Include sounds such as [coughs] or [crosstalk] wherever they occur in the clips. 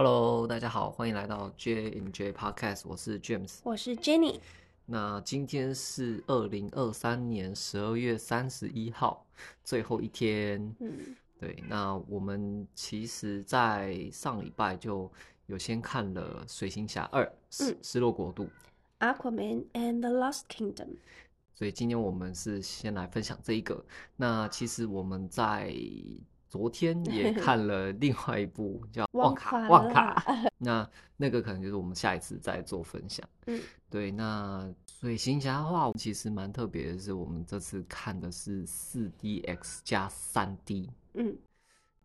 Hello，大家好，歡迎來到 J&J Podcast，我是 James，我是 Jenny。那今天是二零二三年十二月三十一號，最後一天。嗯，對。那我們其實，在上禮拜就有先看了《水行俠二：失失、嗯、落國度》（Aquaman and the Lost Kingdom）。所以今天我們是先來分享這一個。那其實我們在。昨天也看了另外一部叫《旺卡》，旺卡。那那個可能就是我們下一次再做分享。嗯，對。那《水行俠》的話，其實蠻特別的是，我們這次看的是四 D X 加三 D。嗯，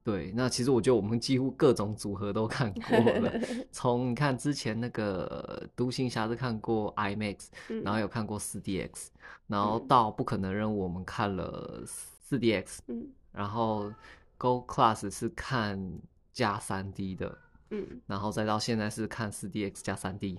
對。那其實我覺得我們幾乎各種組合都看過了。從、嗯、你看之前那個《獨行俠》是看過 IMAX，、嗯、然後有看過四 D X，然後到《不可能任務》我們看了四 D X。嗯，然後。Gold Class 是看加三 D 的，嗯，然後再到現在是看四 DX 加三 D，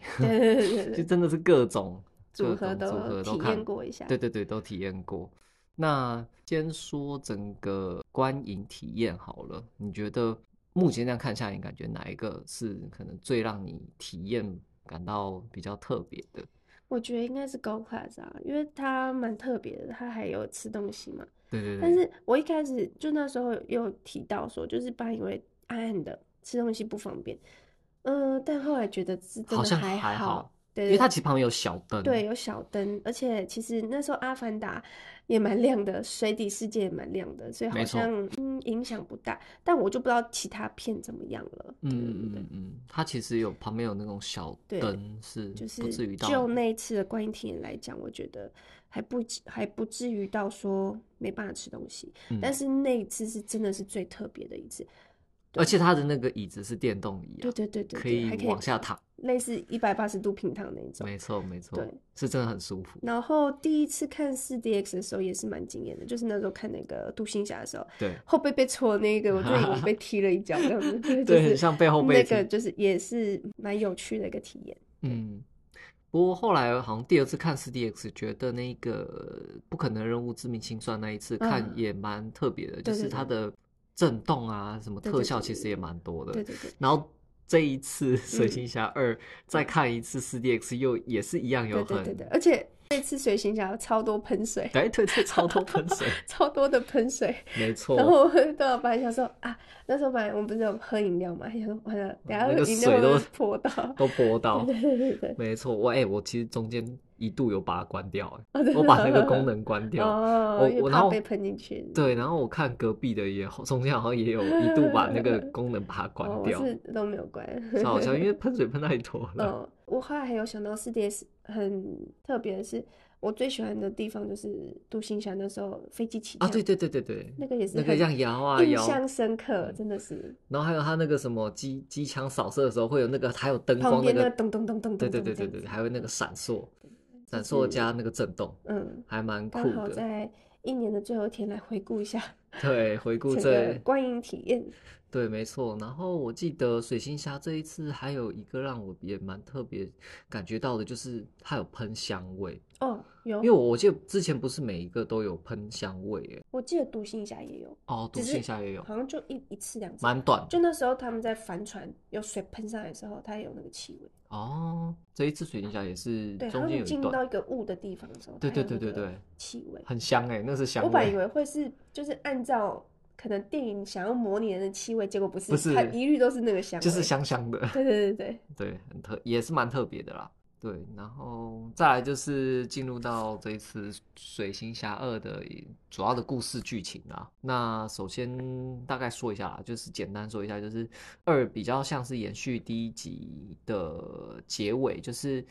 就真的是各種組合組合都，組合都看體驗過一下，對對對，都體驗過。那先說整個觀影體驗好了，你覺得目前這樣看下你感覺哪一個是可能最讓你體驗感到比較特別的？我覺得應該是 Gold Class 啊，因為它蠻特別的，它還有吃東西嘛。對對對但是，我一開始就那時候又提到說，就是爸因為暗暗的吃東西不方便，嗯、呃，但後來覺得吃東西還好，好還好對，對，因為它其實旁邊有小燈，對，有小燈，而且其實那時候《阿凡達》也蠻亮的，水底世界也蠻亮的，所以好像嗯影響不大。但我就不知道其他片怎麼樣了。對對對嗯嗯嗯，它其實有旁邊有那種小燈，是不就是就那一次的觀影體驗來講，我覺得。還不，還不至還不至於到說沒辦法吃東西，嗯、但是那一次是真的是最特別的一次，而且他的那個椅子是電動椅，啊，對對對對，可以對，還可以往下躺，類似一百八十度平躺那種，沒錯沒錯，對，是真的很舒服。然後第一次看四 D X 的時候也是蠻驚艷的，就是那時候看那個《杜新霞的時候，對，後背被戳的那個，我就以為被踢了一腳，這樣子， [laughs] [laughs] 對，很像背後面那個就是也是蠻有趣的一個體驗，嗯。不過後來好像第二次看 4DX，覺得那個不可能任務致命清算那一次看也蠻特別的，就是它的震動啊，什麼特效其實也蠻多的。然後這一次《水行俠二》再看一次 4DX 又也是一樣有可能的，而且。這次水行俠超多噴水，對對對，超多噴水， [laughs] 超多的噴水，沒錯。然後我們都要把，想說啊，那時候本來我們不是有喝飲料嘛，想說等一下，然後飲料都潑到，都潑到， [laughs] 對對對，對，沒錯。我哎、欸，我其實中間一度有把它關掉，哎、 [laughs] 啊，我把那個功能關掉， [laughs] 哦、我怕我然後被噴進去。 [laughs] 對，然後我看隔壁的也中間好像也有一度把那個功能把它關掉， [laughs] 哦、是都沒有關，好 [laughs] 像因為噴水噴太多了。嗯 [laughs] 、哦，我後來還有想到 4DS。很特別的是，我最喜歡的地方就是獨行俠那時候飛機起飛啊，對對對對對，那個也是那個像搖啊，印象深刻，真的是。然後還有他那個什麼機機槍掃射的時候，會有那個還有燈光那個對對對對對,對，還有那個閃爍，閃爍加那個震動，嗯，還蠻酷的、嗯。嗯、剛好在一年的最後一天來回顧一下，對回顧這觀影體驗。對，沒錯。然後我記得水行俠這一次還有一個讓我也蠻特別感覺到的，就是它有噴香味。哦，有，因為我記得之前不是每一個都有噴香味耶。我記得獨行俠也有。哦，獨行俠也有。好像就一一次兩次，蠻短。就那時候他們在帆船有水噴上來之後，它也有那個氣味。哦，這一次水行俠也是中間對。中間它有進到一個霧的地方的時候。對對，對對對對對。氣味。很香哎、欸，那是香味。我本來以為會是，就是按照。可能電影想要模擬人的氣味，結果不是，不是，它一律都是那個香，就是香香的。對對對對對，很特，也是蠻特別的啦。對，然後再來就是進入到這一次《水行俠二》的主要的故事劇情啦。那首先大概說一下啦，就是簡單說一下，就是二比較像是延續第一集的結尾，就是。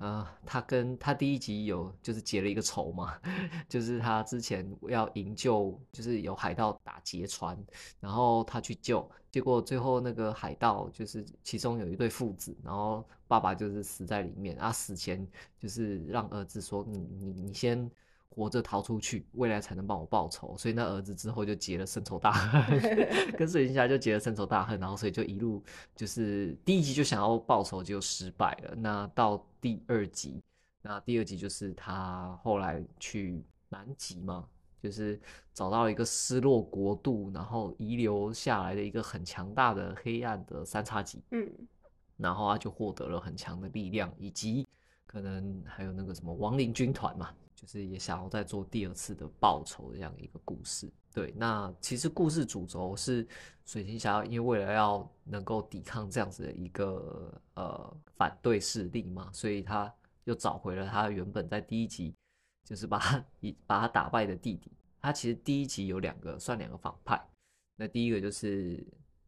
呃，他跟他第一集有就是結了一個仇嘛，就是他之前要營救，就是有海盜打劫船，然後他去救，結果最後那個海盜就是其中有一對父子，然後爸爸就是死在裡面，啊，死前就是讓兒子說你，你你你先。活着逃出去，未來才能幫我報仇。所以那兒子之後就結了深仇大恨， [laughs] 跟水行俠就結了深仇大恨。然後所以就一路就是第一集就想要報仇就失敗了。那到第二集，那第二集就是他後來去南極嘛，就是找到了一個失落國度，然後遺留下來的一個很強大的黑暗的三叉戟。嗯。然後他就獲得了很強的力量，以及可能還有那個什麼亡靈軍團嘛。就是也想要再做第二次的報仇這樣一個故事，對。那其實故事主軸是水行俠，因為為了要能夠抵抗這樣子的一個呃反對勢力嘛，所以他又找回了他原本在第一集就是把他把他打敗的弟弟。他其實第一集有兩個算兩個反派，那第一個就是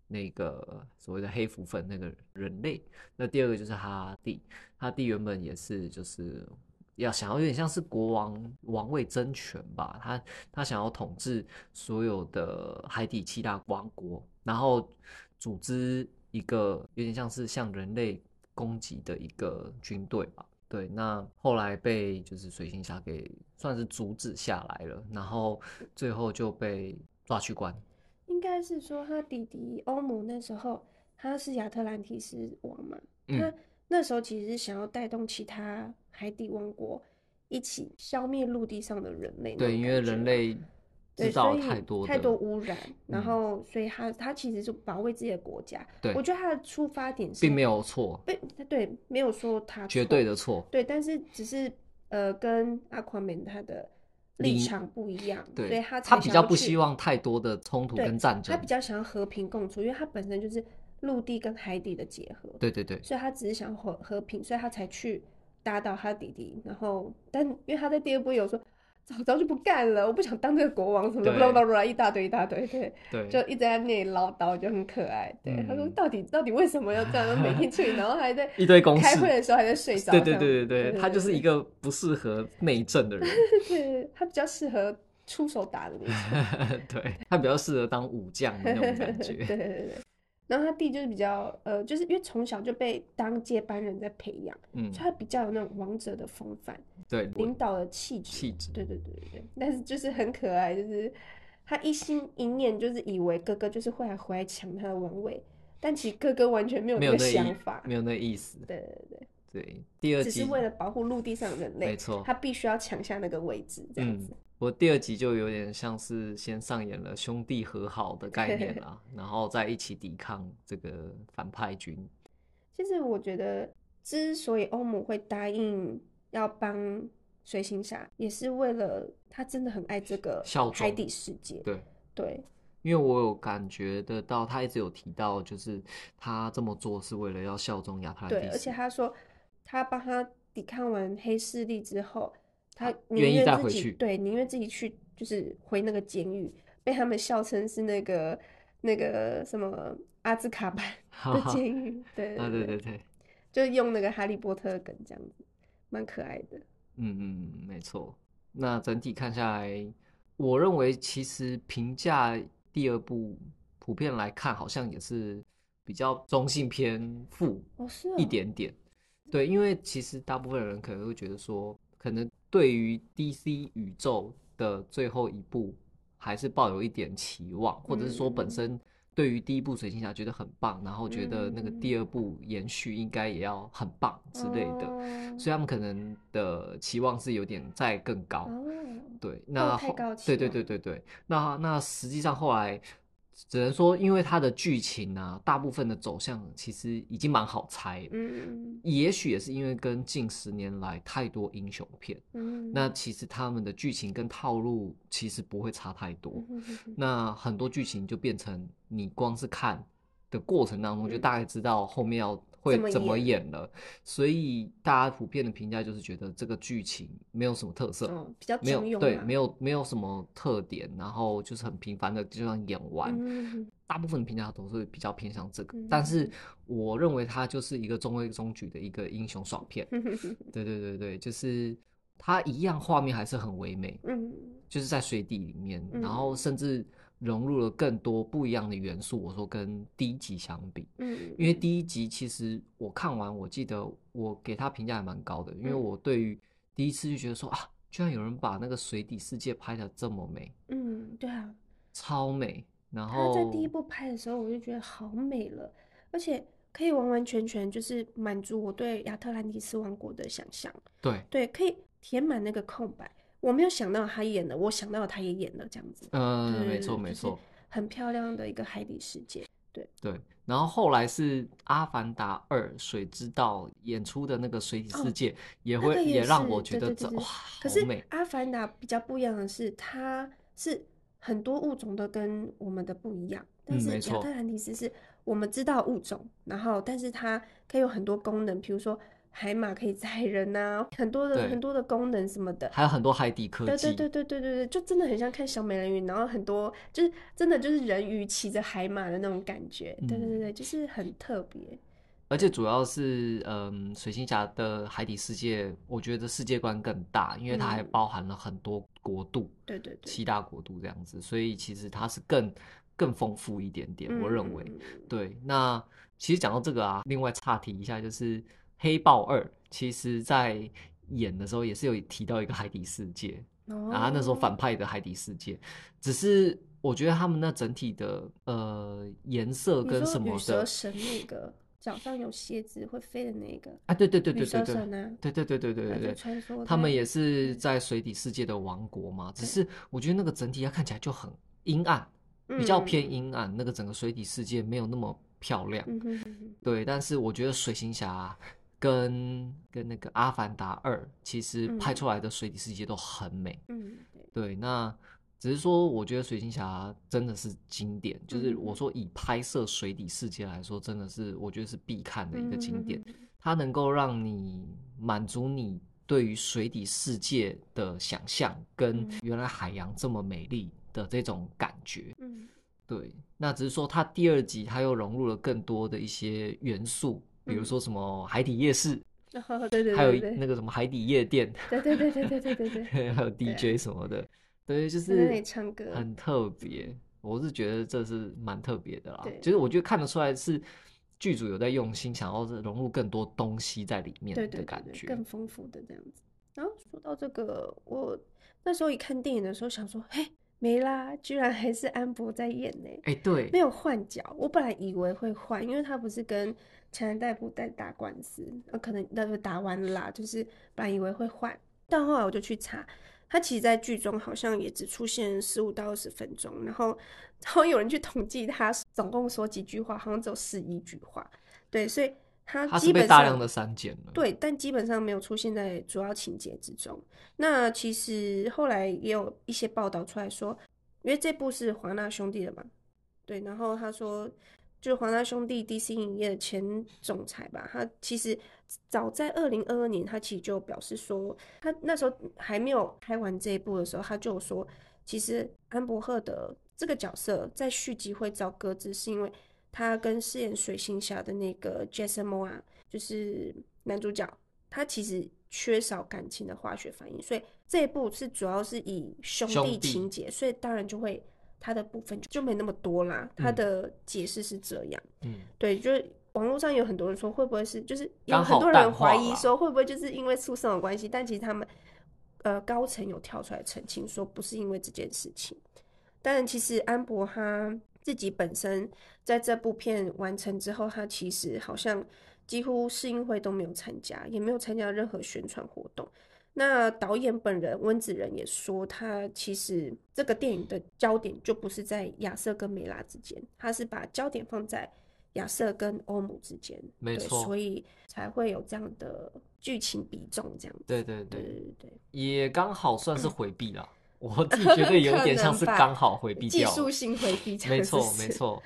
那個所謂的黑蝠鱝那個人類，那第二個就是他弟，他弟原本也是就是。要想要有點像是國王王位爭權吧，他他想要統治所有的海底七大王國，然後組織一個有點像是向人類攻擊的一個軍隊吧。對，那後來被就是水行俠給算是阻止下來了，然後最後就被抓去關。應該是說他弟弟歐姆那時候他是亞特蘭提斯王嘛，嗯、他。那時候其實是想要帶動其他海底王國一起消滅陸地上的人類，對，因為人類制造太多太多污染，嗯，然後所以他他其實是保衛自己的國家。對，我覺得他的出發點是並沒有錯，對對，沒有說他絕對的錯，對，但是只是呃，跟阿奎曼他的立場不一樣，所以他他比較不希望太多的衝突跟戰爭，他比較想要和平共處，因為他本身就是。陸地跟海底的結合。對對對。所以他只是想和和平，所以他才去打倒他弟弟。然後，但因為他在第二部有說，早早就不幹了，我不想當這個國王什麼的，巴拉巴拉一大堆一大堆，對對，就一直在那裡嘮叨，就很可愛。對，嗯、他說到底到底為什麼要這樣每天去，然後還在一堆開會的時候還在睡着。 [laughs] 對對對對對，對對對對，他就是一個不適合內政的人。 [laughs] 對對，他比較適合出手打的。 [laughs] 對，他比較適合當武將的那種感覺。 [laughs] 對對對對。然後他弟就是比較，呃，就是因為從小就被當接班人在培養，嗯，所以他比較有那種王者的風範，對，領導的氣質，氣質，對對對對。但是就是很可愛，就是他一心一念就是以為哥哥就是會來回來搶他的王位，但其實哥哥完全沒有那個想法，沒有那,沒有那意思，對對對。對，第二集只是為了保護陸地上的人類，沒錯，他必須要搶下那個位置。這樣子，嗯，我第二集就有點像是先上演了兄弟和好的概念了，啊， [laughs] 然後再一起抵抗這個反派軍。其實我覺得，之所以歐姆會答應要幫水行俠，也是為了他真的很愛這個海底世界。對，對，因為我有感覺得到，他一直有提到，就是他這麼做是為了要效忠亞特蘭提斯。對，而且他說。他幫他抵抗完黑勢力之後，他寧願自己、啊、願意帶回去對寧願自己去，就是回那個監獄，被他們笑稱是那個那個什麼阿茲卡班的監獄、啊。對對對對，就用那個哈利波特梗這樣子，蠻可愛的。嗯嗯，沒錯。那整體看下來，我認為其實評價第二部普遍來看，好像也是比較中性偏負一點點。哦對，因為其實大部分人可能會覺得說，可能對於 DC 宇宙的最後一部還是抱有一點期望，或者是說本身對於第一部《水行俠》覺得很棒、嗯，然後覺得那個第二部延續應該也要很棒之類的，嗯、所以他們可能的期望是有點再更高、嗯。對，那後、哦、對對對對對，那那實際上後來。只能說，因為它的劇情呢、啊，大部分的走向其實已經蠻好猜。嗯，也許也是因為跟近十年來太多英雄片，嗯，那其實他們的劇情跟套路其實不會差太多。嗯、那很多劇情就變成你光是看的過程當中，就大概知道後面要、嗯。會怎麼演了這麼演？所以大家普遍的評價就是覺得這個劇情沒有什麼特色，哦，比較啊、沒有對，沒有沒有什麼特點，然後就是很平凡的，就算演完、嗯。大部分的評價都是比較偏向這個，嗯、但是我認為它就是一個中規中矩的一個英雄爽片、嗯。對對對對，就是它一樣畫面還是很唯美、嗯，就是在水底裡面，然後甚至。融入了更多不一樣的元素。我說跟第一集相比，嗯，因為第一集其實我看完，我記得我給他評價還蠻高的，嗯，因為我對於第一次就覺得說啊，居然有人把那個水底世界拍的這麼美，嗯，對啊，超美。然後在第一部拍的時候，我就覺得好美了，而且可以完完全全就是滿足我對亞特蘭蒂斯王國的想象，對，對，可以填滿那個空白。我沒有想到他演的，我想到他也演了這樣子。嗯，就是、嗯沒錯沒錯，就是、很漂亮的一個海底世界。對對，然後後來是《阿凡達二：水之道》演出的那個水底世界，哦、也會、那個、也、也讓我覺得哇、哦，好美。可是《阿凡達》比較不一樣的是，它是很多物種都跟我們的不一樣，但是亞特蘭蒂斯是我們知道物種，然後但是它可以有很多功能，比如說。海馬可以載人吶、啊，很多的很多的功能什麼的，還有很多海底科技。對對對對對，就真的很像看小美人魚，然後很多就是真的就是人魚騎着海馬的那種感覺。嗯、對對對就是很特別。而且主要是，嗯，嗯水行俠的海底世界，我覺得世界觀更大，因為它還包含了很多國度。嗯、對對對，七大國度這樣子，所以其實它是更更豐富一點點、嗯，我認為。對，那其實講到這個啊，另外岔題，一下就是。黑豹二其實，在演的時候也是有提到一個海底世界啊，oh. 然後那時候反派的海底世界，只是我覺得他們那整體的呃顏色跟什麼的，說蛇神那個腳 [coughs] 上有鞋子會飛的那個啊，對對對對對啊，對對對對對對對，對對對對對對他們也是在水底世界的王國嘛、嗯，只是我覺得那個整體要看起來就很陰暗、嗯，比較偏陰暗，那個整個水底世界沒有那麼漂亮，嗯、哼哼哼對，但是我覺得水行俠、啊。跟跟那個《阿凡達二》，其實拍出來的水底世界都很美。嗯、對。那只是說，我覺得《水行俠》真的是經典、嗯，就是我說以拍攝水底世界來說，真的是我覺得是必看的一個經典。嗯嗯嗯、它能夠讓你滿足你對於水底世界的想象，跟原來海洋這麼美麗的這種感覺、嗯。對。那只是說，它第二集它又融入了更多的一些元素。比如說什麼海底夜市、嗯哦，對對對，還有那個什麼海底夜店，對對對對對對對還有 DJ 什麼的，對，對就是在那裡唱歌，很特別，我是覺得這是蠻特別的啦。其實、就是、我覺得看得出來是劇組有在用心，想要是融入更多東西在裡面的感覺，對，對對對，更豐富的這樣子。然後說到這個，我那時候一看電影的時候想說，嘿。沒啦，居然還是安伯在演呢，欸。哎，欸，對，沒有換角。我本來以為會換，因為他不是跟強尼戴普打官司，那可能那就打完了啦，就是本來以為會換，但後來我就去查，他其實，在劇中好像也只出現十五到二十分鐘，然後，然後有人去統計他總共說幾句話，好像只有十一句話。對，所以。他，基本上他是被大量的刪減了，對，但基本上沒有出現在主要情節之中。那其實後來也有一些報道出來說，因為這部是華納兄弟的嘛，對，然後他說，就華納兄弟 DC 影業前總裁吧，他其實早在二零二二年，他其實就表示說，他那時候還沒有拍完這一部的時候，他就說，其實安伯赫德這個角色在續集會遭擱置，是因為。他跟飾演水行俠的那個 Jason Momoa 啊，就是男主角，他其實缺少感情的化學反應，所以這一部是主要是以兄弟情節，所以當然就會他的部分就沒那麼多啦。嗯、他的解釋是這樣，嗯，對，就是網絡上有很多人說會不會是，就是有很多人懷疑說會不會就是因為私生活的關係，但其實他們呃高層有跳出來澄清說不是因為這件事情。但其實安伯赫自己本身在這部片完成之後，他其實好像幾乎試映會都沒有參加，也沒有參加任何宣傳活動。那導演本人溫子仁也說，他其實這個電影的焦點就不是在亞瑟跟梅拉之間，他是把焦點放在亞瑟跟歐姆之間。沒錯，所以才會有這樣的劇情比重這樣子。對對對對，對對，也剛好算是回避了。嗯 [laughs] 我自己覺得有點像是剛好回避掉，技術性回避掉。沒錯，沒錯。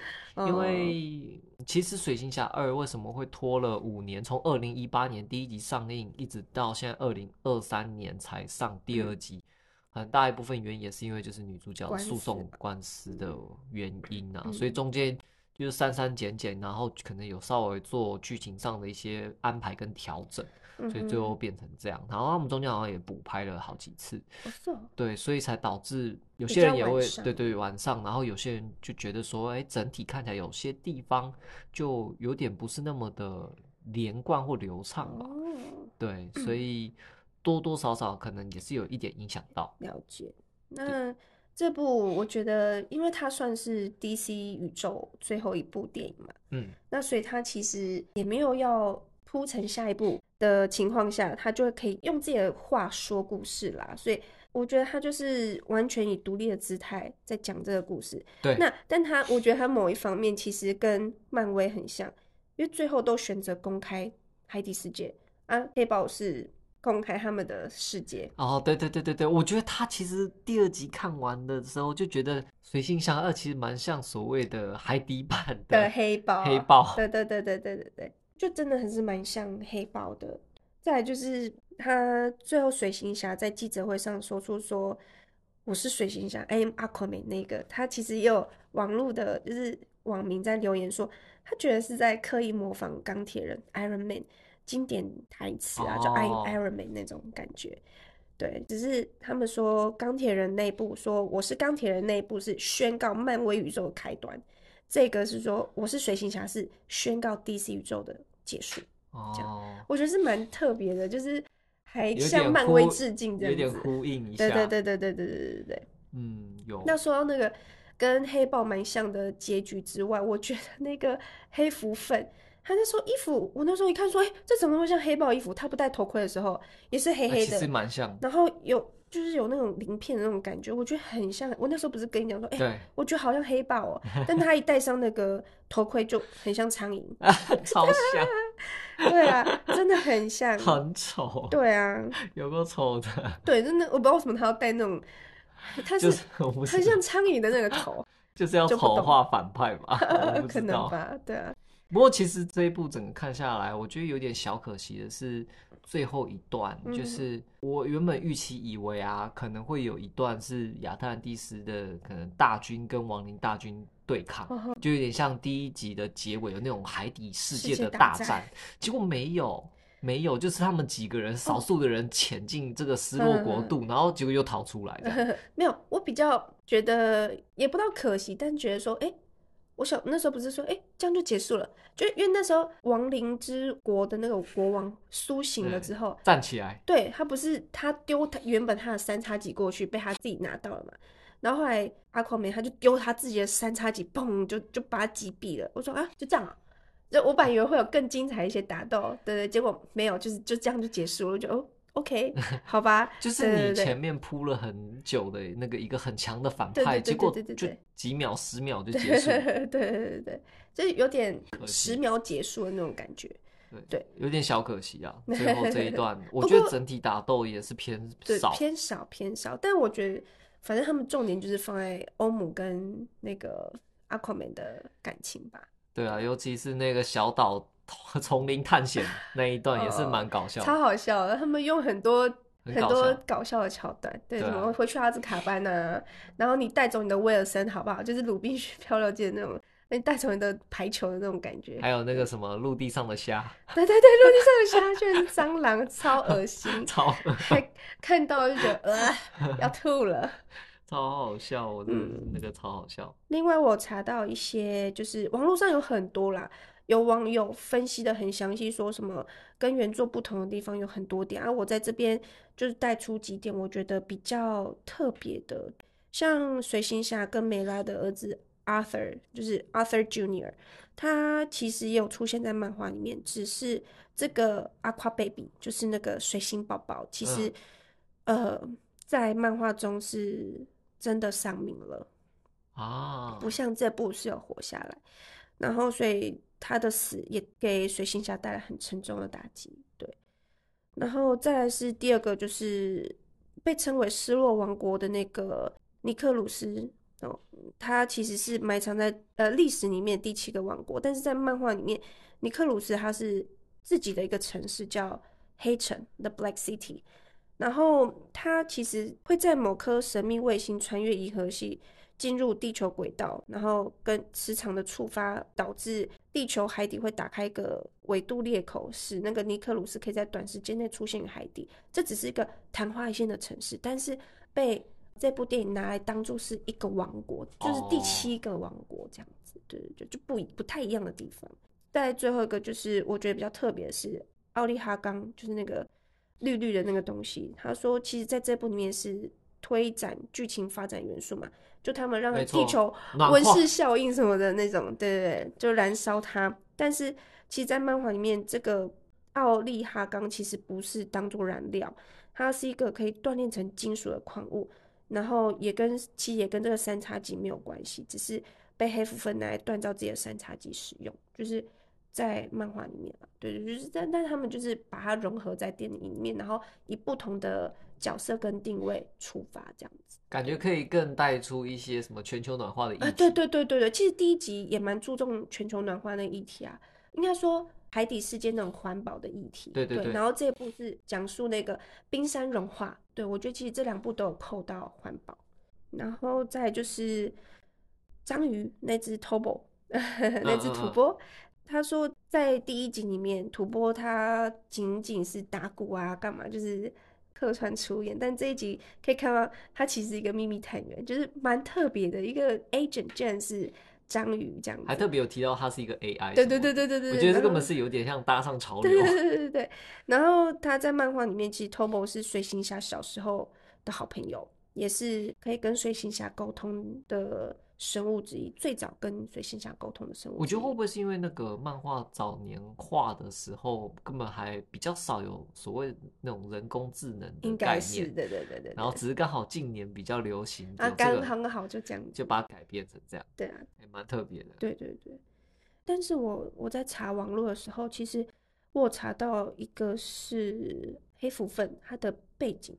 因為其實《水行俠二》為什麼會拖了五年，從二零一八年第一集上映，一直到現在二零二三年才上第二集、嗯，很大一部分原因也是因為就是女主角訴訟官司的原因啊，嗯、所以中間就是刪刪減減，然後可能有稍微做劇情上的一些安排跟調整。所以最後變成這樣，然後他們中間好像也補拍了好幾次、嗯，對，所以才導致有些人也會對對，對晚上，然後有些人就覺得說，哎、欸，整體看起來有些地方就有點不是那麼的連貫或流暢嘛、哦，對、嗯，所以多多少少可能也是有一點影響到。了解，那這部我覺得，因為它算是 DC 宇宙最後一部電影嘛，嗯，那所以它其實也沒有要鋪陳下一部。的情況下，他就可以用自己的話說故事啦，所以我覺得他就是完全以獨立的姿態在講這個故事。對，那但他，我覺得他某一方面其實跟漫威很像，因為最後都選擇公開海底世界啊，黑豹是公開他們的世界。哦，對對對對對，我覺得他其實第二集看完的時候就覺得《水行俠2》其實蠻像所謂的海底版的黑豹。黑豹，對對對對對對對。就真的還是蠻像黑豹的。再來就是他最後水行俠在記者會上說出說，我是水行俠 I'm Aquaman 那個。他其實也有網絡的，就是網民在留言說，他覺得是在刻意模仿鋼鐵人 Iron Man 經典台詞啊，oh. 就 I'm Iron Man 那種感覺。對，只是他們說鋼鐵人那部說我是鋼鐵人那部是宣告漫威宇宙的開端。這個是說我是水行俠是宣告 DC 宇宙的結束。哦，這樣我覺得是蠻特別的，就是還向漫威致敬這樣子有，有點呼應一下，對對對對對對對對，對，對嗯，有。那說到那個跟黑豹蠻像的結局之外，我覺得那個黑蝠粉，他那時候衣服，我那時候一看說，哎、欸，這怎麼會像黑豹衣服？他不戴頭盔的時候也是黑黑的，啊、其實蠻像。然後有。就是有那種鱗片的那種感覺，我覺得很像。我那時候不是跟你講說，哎、欸，我覺得好像黑豹哦、喔，但他一戴上那個頭盔，就很像蒼蠅， [laughs] 超像 [laughs] 對啊，真的很像。很醜。對啊。有個醜的。對，真的我不知道為什麼他要戴那種，他是、就是、很像蒼蠅的那個頭，就是要醜化反派嘛。 [laughs] 可能吧？對啊。不過其實這一部整個看下來，我覺得有點小可惜的是，最後一段就是我原本預期以為啊，可能會有一段是亞特蘭蒂斯的可能大軍跟亡靈大軍對抗，就有點像第一集的結尾有那種海底世界的大戰，結果沒有，沒有，就是他們幾個人少數的人潛進這個失落國度，哦、然後結果又逃出來、嗯呵呵。沒有，我比較覺得也不到可惜，但覺得說哎、欸我想那時候不是說，哎、欸，這樣就結束了，就因為那時候亡靈之國的那個國王甦醒了之後站起來，對他不是他丟他原本他的三叉戟過去被他自己拿到了嘛，然後後來 Aquaman 他就丟他自己的三叉戟，砰就就把他擊斃了。我說啊就這樣啊，就我本以為會有更精彩一些打鬥，對，對對，結果沒有，就是就這樣就結束了，就哦。OK，好吧， [laughs] 就是你前面鋪了很久的那個一個很強的反派，對對對對對對對，結果就幾秒十秒就結束了。對對對對，就有點十秒結束的那種感覺。對對，有點小可惜啊。最後這一段， [laughs] 我覺得整體打鬥也是偏少， [laughs] 偏少偏少。但我覺得，反正他們重點就是放在歐姆跟那個阿奎曼的感情吧。對啊，尤其是那個小島。叢林探險那一段也是蠻搞笑，的、 [laughs] 哦，超好笑的。他們用很多很，很多搞笑的橋段，對，怎、啊、麼回去阿茲卡班啊，然後你帶走你的威爾森好不好？就是魯濱遜漂流記那種，你帶走你的排球的那種感覺。還有那個什麼陸地上的蝦，對對對，陸地上的蝦就是蟑螂，超惡心，超看到就覺得啊要吐了，超好笑，真的那個超好笑。另外，我查到一些，就是網絡上有很多啦。有網友分析得很詳細，說什麼跟原作不同的地方有很多點啊。我在這邊就是帶出幾點，我覺得比較特別的，像水行俠跟梅拉的兒子 Arthur，就是 Arthur Junior，他其實也有出現在漫畫裡面。只是這個 Aqua Baby，就是那個水行寶寶，其實、哎、呃，在漫畫中是真的喪命了啊，不像這部是有活下來。然後所以。他的死也給水行俠帶來很沉重的打擊，對。然後再來是第二個，就是被稱為失落王國的那個尼克魯斯哦，他其實是埋藏在呃歷史裡面第七個王國，但是在漫畫裡面，尼克魯斯他是自己的一個城市叫黑城，The Black City，然後他其實會在某顆神秘衛星穿越銀河系。進入地球軌道，然後跟磁場的觸發，導致地球海底會打開一個維度裂口，使那個尼克魯斯可以在短時間內出現於海底。這只是一個曇花一現的城市，但是被這部電影拿來當做是一個王國，就是第七個王國這樣子。對，就就不不太一樣的地方。再來最後一個，就是我覺得比較特別的是奧利哈剛，就是那個綠綠的那個東西。他說，其實在這部裡面是。推展劇情發展元素嘛，就他們讓地球溫室效應什麼的那種，對對對，就燃燒它。但是其實，在漫畫裡面，這個奧利哈鋼其實不是當做燃料，它是一個可以鍛鍊成金屬的礦物。然後也跟，其實也跟這個三叉戟沒有關係，只是被黑蝠鲼來鍛造自己的三叉戟使用，就是在漫畫裡面嘛。對對，就是但但他們就是把它融合在電影裡面，然後以不同的。角色跟定位出發，這樣子感覺可以更帶出一些什麼全球暖化的議題。啊，對對對對對，其實第一集也蠻注重全球暖化那個議題啊，應該說海底世界那種環保的議題。對對對。對，然後這一部是講述那個冰山融化，對，我覺得其實這兩部都有扣到環保。然後再就是章魚那只土波，那只土波。他說在第一集裡面，土波他僅僅是打鼓啊，幹嘛就是。客串出演，但這一集可以看到他其實一個秘密探員，就是蠻特別的一個 agent，竟然是章魚這樣子，還特別有提到他是一個 AI。對對,對對對對對對，我覺得這個是有點像搭上潮流啊。對,對對對對對。然後他在漫畫裡面，其實 Tomo 是水行俠小時候的好朋友，也是可以跟水行俠溝通的。生物之一，最早跟水行俠溝通的生物，我覺得會不會是因為那個漫畫早年畫的時候根本還比較少有所謂那種人工智能的，應該是對對對對，然後只是剛好近年比較流行啊，剛、這個、好就這樣就把它改變成這樣，對啊，還、欸、蠻特別的，對對，對但是我我在查網絡的時候，其實我有查到一個是黑蝠鱝，它的背景，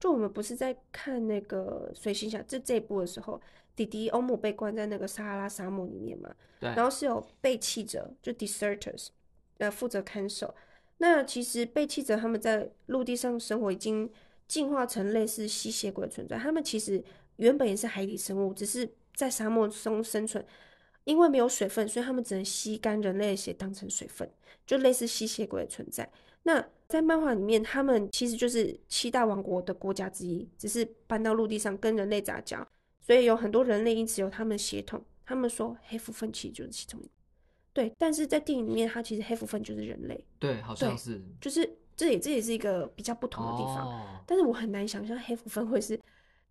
就我們不是在看那個水行俠這這部的時候。弟弟歐姆被關在那個撒哈拉沙漠裡面嘛，對，然後是有被棄者，就 deserters，呃，負責看守。那其實被棄者他們在陸地上生活已經進化成類似吸血鬼的存在。他們其實原本也是海底生物，只是在沙漠中生存，因為沒有水分，所以他們只能吸乾人類的血當成水分，就類似吸血鬼的存在。那在漫畫裡面，他們其實就是七大王國的國家之一，只是搬到陸地上跟人類雜交。所以有很多人類，因此有他們協同。他們說黑蝠鱝其實就是其中，對。但是在電影裡面，它其實黑蝠鱝就是人類。對，好像是。就是這也這也是一個比較不同的地方。哦、但是我很難想象黑蝠鱝會是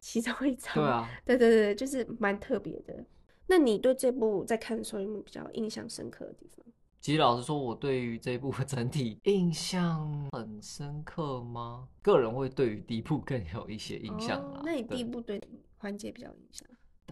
其中一張。對啊。對對對，就是蠻特別的。那你對這部在看的時候有沒有比較印象深刻的地方？其實老實說，我對於這一部整體印象很深刻嗎？個人會對於第一部更有一些印象、哦、那你第一部對，對？環節比較影響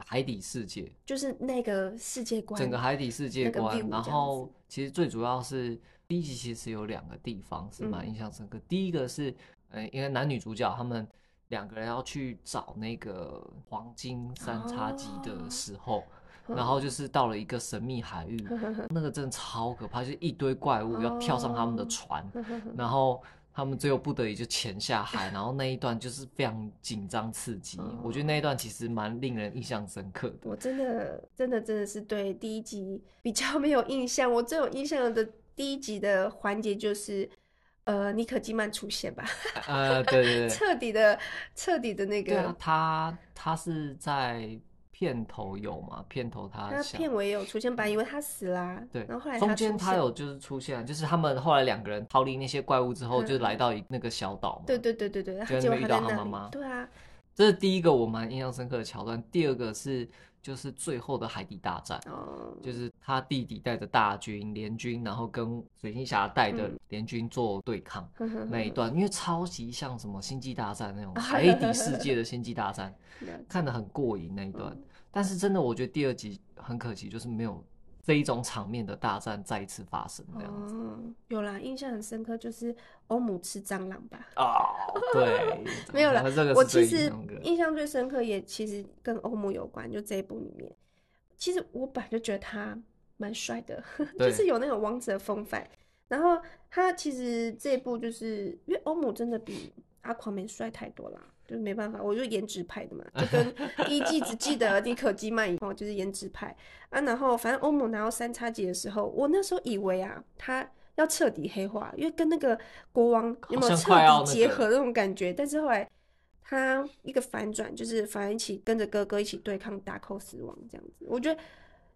海底世界，就是那個世界觀，整個海底世界觀。那個、然後其實最主要是第一集其實有兩個地方是蠻印象深刻、嗯，第一個是嗯、欸，因為男女主角他們兩個人要去找那個黃金三叉戟的時候、哦，然後就是到了一個神秘海域，呵呵那個真的超可怕，就是、一堆怪物要跳上他們的船，哦、然後。他們最後不得已就潛下海， [laughs] 然後那一段就是非常緊張刺激、嗯，我覺得那一段其實蠻令人印象深刻的。我真的、真的、真的是對第一集比較沒有印象，我最有印象的第一集的環節就是，呃，妮可基嫚出現吧？ [laughs] 呃，對對對，徹底的、徹底的那個對啊，他他是在。片頭有嗎？片頭他那片尾也有出現，本來以為他死啦、嗯。對，然後後來中間他有就是出現，就是他們後來兩個人逃離那些怪物之後，就來到一、嗯、那個小島嘛。對、嗯、對對對對，就遇到他媽媽他。對啊，這是第一個我蠻印象深刻的橋段。第二個是。就是最後的海底大戰，oh. 就是他弟弟帶着大軍聯軍，然後跟水行俠帶着聯軍做對抗那一段， [laughs] 因為超級像什麼星際大戰那種海底世界的星際大戰， [laughs] 看得很過癮那一段。 [laughs] 但是真的，我覺得第二集很可惜，就是沒有。這一種場面的大戰再一次發生這樣子，oh, 有啦，印象很深刻，就是歐姆吃蟑螂吧。啊、 [laughs] oh,，對， [laughs] 沒有了啦。 [laughs] 我其實印象最深刻也其實跟歐姆有關，就這一部裡面。其實我本來就覺得他蠻帥的， [laughs] 就是有那種王者風範。然後他其實這一部就是因為歐姆真的比 Aquaman 帥太多了。就沒辦法，我就顏值派的嘛，就跟第一季只記得妮可基嫚一樣，就是顏值派啊。然後反正歐姆拿到三叉戟的時候，我那時候以為啊，他要徹底黑化，因為跟那個國王有沒有徹、哦、底結合那種感覺、那個。但是後來他一個反轉，就是反正一起跟着哥哥一起對抗達寇斯王這樣子，我覺得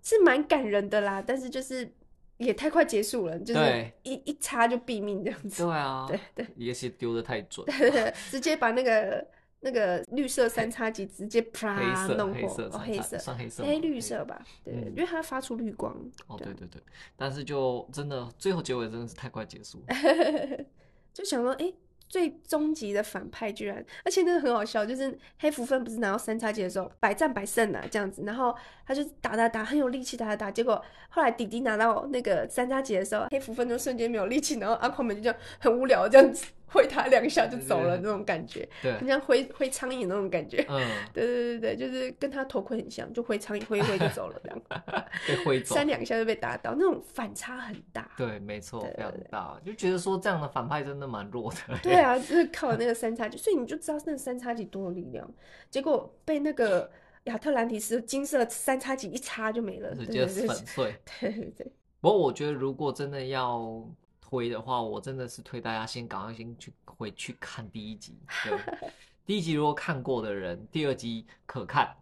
是蠻感人的啦。但是就是也太快結束了，就是一對一插就斃命這樣子。對啊，對對、對，也是丟得太準， [laughs] 直接把那個。那個綠色三叉戟直接啪弄火，哦，黑色，黑綠色吧，對，因為它發出綠光、嗯。哦，對對對，但是就真的最後結尾真的是太快結束， [laughs] 就想說，哎、欸，最終極的反派居然，而且真的很好笑，就是黑蝠鱝不是拿到三叉戟的時候百戰百勝的、啊、這樣子，然後他就打打打很有力氣打打打，結果後來弟弟拿到那個三叉戟的時候，黑蝠鱝就瞬間沒有力氣，然後 Aquaman 就這樣很無聊這樣子。揮他兩下就走了那種感覺，對，對，很像揮揮蒼蠅那種感覺，嗯，對對對對 [laughs] 就是跟他頭盔很像，就揮蒼蠅揮一揮就走了這樣， [laughs] 被揮走，三兩下就被打倒，那種反差很大。對，沒錯，非常大，就覺得說這樣的反派真的蠻弱的。對啊，就是靠那個三叉戟， [laughs] 所以你就知道那個三叉戟多有力量，結果被那個亞特蘭蒂斯金色三叉戟一插就沒了，就是粉碎。對對對，對。不過我覺得如果真的要。回的話，我真的是推大家先趕快先去回去看第一集。對， [laughs] 第一集如果看過的人，第二集可看。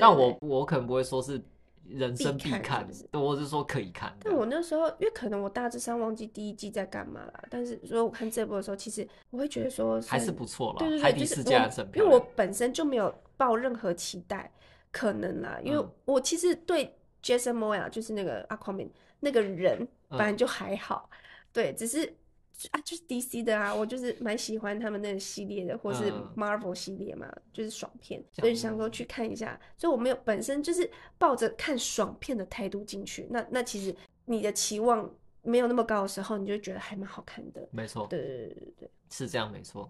但 [laughs] [laughs] 我我可能不會說是人生必看，必看是不是？我是說可以看。但我那時候，因為可能我大致上忘記第一季在幹嘛了。但是如果我看這部的時候，其實我會覺得說是還是不錯啦。海底世界很漂亮。因為我本身就沒有抱任何期待，可能啦，因為我其實對 Jason Moya 就是那個 Aquaman 那個人。嗯、反正就還好，對，只是啊，就是 DC 的啊，我就是蠻喜歡他們那個系列的，或是 Marvel 系列嘛，嗯、就是爽片，所以想說去看一下。所以我沒有本身就是抱着看爽片的態度進去，那那其實你的期望沒有那麼高的時候，你就覺得還蠻好看的。沒錯，對對對，對，對對對，是這樣沒錯。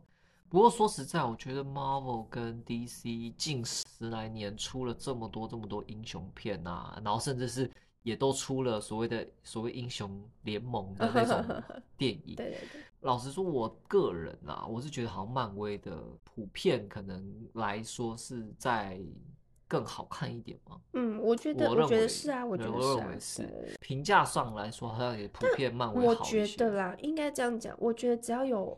不過說實在，我覺得 Marvel 跟 DC 近十來年出了這麼多這麼多英雄片吶、啊，然後甚至是。也都出了所謂的所謂英雄聯盟的那種電影。 [laughs] 對，對,對。老實說，我個人啊，我是覺得好像漫威的普遍可能來說是在更好看一點嗎？嗯，我覺得，我認為我覺得是啊，我覺得是啊，我認為是。評價上來說，好像也普遍漫威好一些。我覺得啦，應該這樣講。我覺得只要有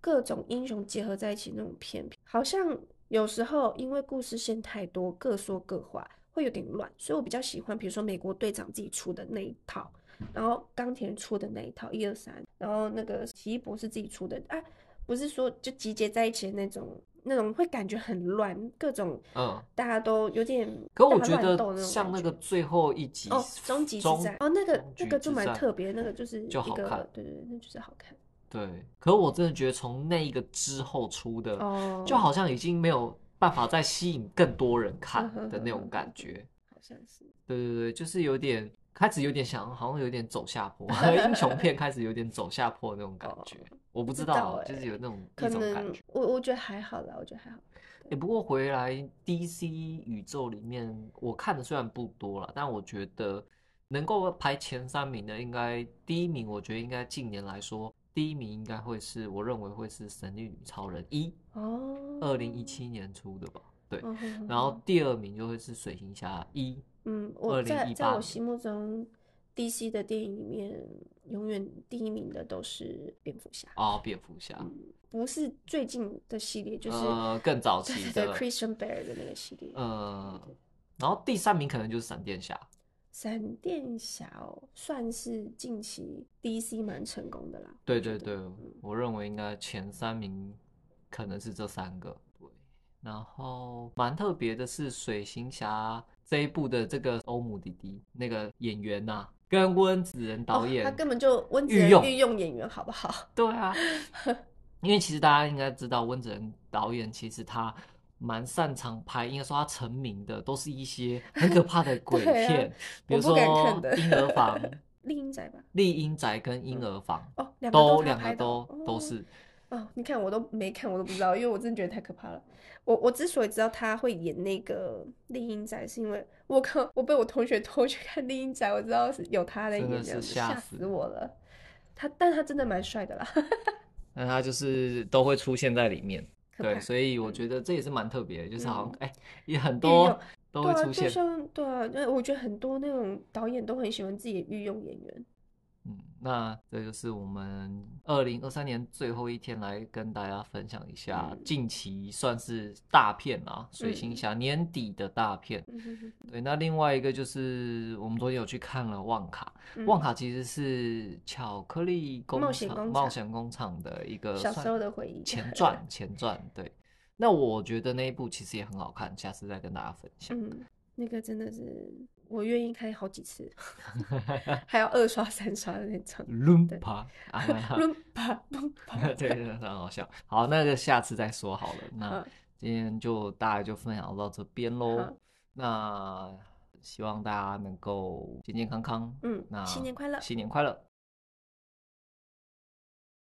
各種英雄結合在一起那種片，片，好像有時候因為故事線太多，各說各話。會有點亂，所以我比較喜歡，比如說美國隊長自己出的那一套，然後鋼鐵出的那一套，一二三，然後那個奇異博士自己出的啊，不是說就集結在一起的那種，那種會感覺很亂，各種，嗯，大家都有點。可我覺得像那個最後一集，後一集哦，終極之戰哦，那個那個就蠻特別，那個就是一個就好看，對對對，那就是好看。對，可我真的覺得從那一個之後出的，哦，就好像已經沒有。辦法再吸引更多人看的那種感覺。 [laughs] 好像是。對對對，就是有點開始有點想，好像有點走下坡， [laughs] 英雄片開始有點走下坡那種感覺。Oh, 我不知道，不知道、欸，就是有那種一種感覺。我我覺得還好啦，我覺得還好。哎，也不過回來 DC 宇宙裡面，我看的雖然不多了，但我覺得能夠排前三名的，應該第一名，我覺得應該近年來說，第一名應該會是我認為會是《神力女超人》一，哦，二零一七年出的吧？對。Oh, oh, oh, oh. 然後第二名就會是《水行俠》一，嗯，我在在我心目中，DC 的電影裡面永遠第一名的都是蝙蝠俠。哦、oh，蝙蝠俠、嗯。不是最近的系列，就是、呃、更早期對的 Christian Bale 的那個系列。嗯、呃，然後第三名可能就是閃電俠。閃電俠算是近期 DC 蠻成功的啦。對對對，我認為應該前三名可能是這三個。對，然後蠻特別的是水行俠這一部的這個歐姆弟弟那個演員吶、啊，跟溫子仁導演、哦，他根本就溫子仁御，御用演員好不好？對啊， [laughs] 因為其實大家應該知道溫子仁導演，其實他，蠻擅長拍，應該說他成名的都是一些很可怕的鬼片， [laughs] 啊、比如說《 [laughs] 陰兒房 [laughs] 英英陰兒房》、《厲陰宅吧，《厲陰宅跟《陰兒房》哦，兩個都兩個都都是。哦，你看我都沒看，我都不知道，因為我真的覺得太可怕了。 [laughs] 我我之所以知道他會演那個《厲陰宅》，是因為我靠，我被我同學拖去看《厲陰宅》，我知道是有他的一個樣子，嚇死我了。他，但他真的蠻帥的啦。哈哈哈。那他就是都會出現在裡面。對，所以我覺得這也是蠻特別的，嗯，就是好像，欸，也很多都會出現，對啊，就像，對啊，我覺得很多那種導演都很喜歡自己的御用演員。嗯，那這就是我們二零二三年最後一天來跟大家分享一下近期算是大片啊，嗯《水行俠》、嗯，》年底的大片，嗯。對，那另外一個就是我們昨天有去看了《旺卡》，嗯，《旺卡》其實是《巧克力工廠》，《冒險工廠》的一個小時候的回憶前傳，前傳。 [laughs] 對，那我覺得那一部其實也很好看，下次再跟大家分享。嗯，那個真的是。我願意看好幾次，還要二刷三刷的那場，輪爬，掄爬，對 [laughs] 輪爬 [laughs] [laughs] 對，對，對，很好笑。好，那就下次再說好了。那今天就大概就分享到這邊嘍。那希望大家能夠健健康康，嗯，那新年快樂，新年快樂。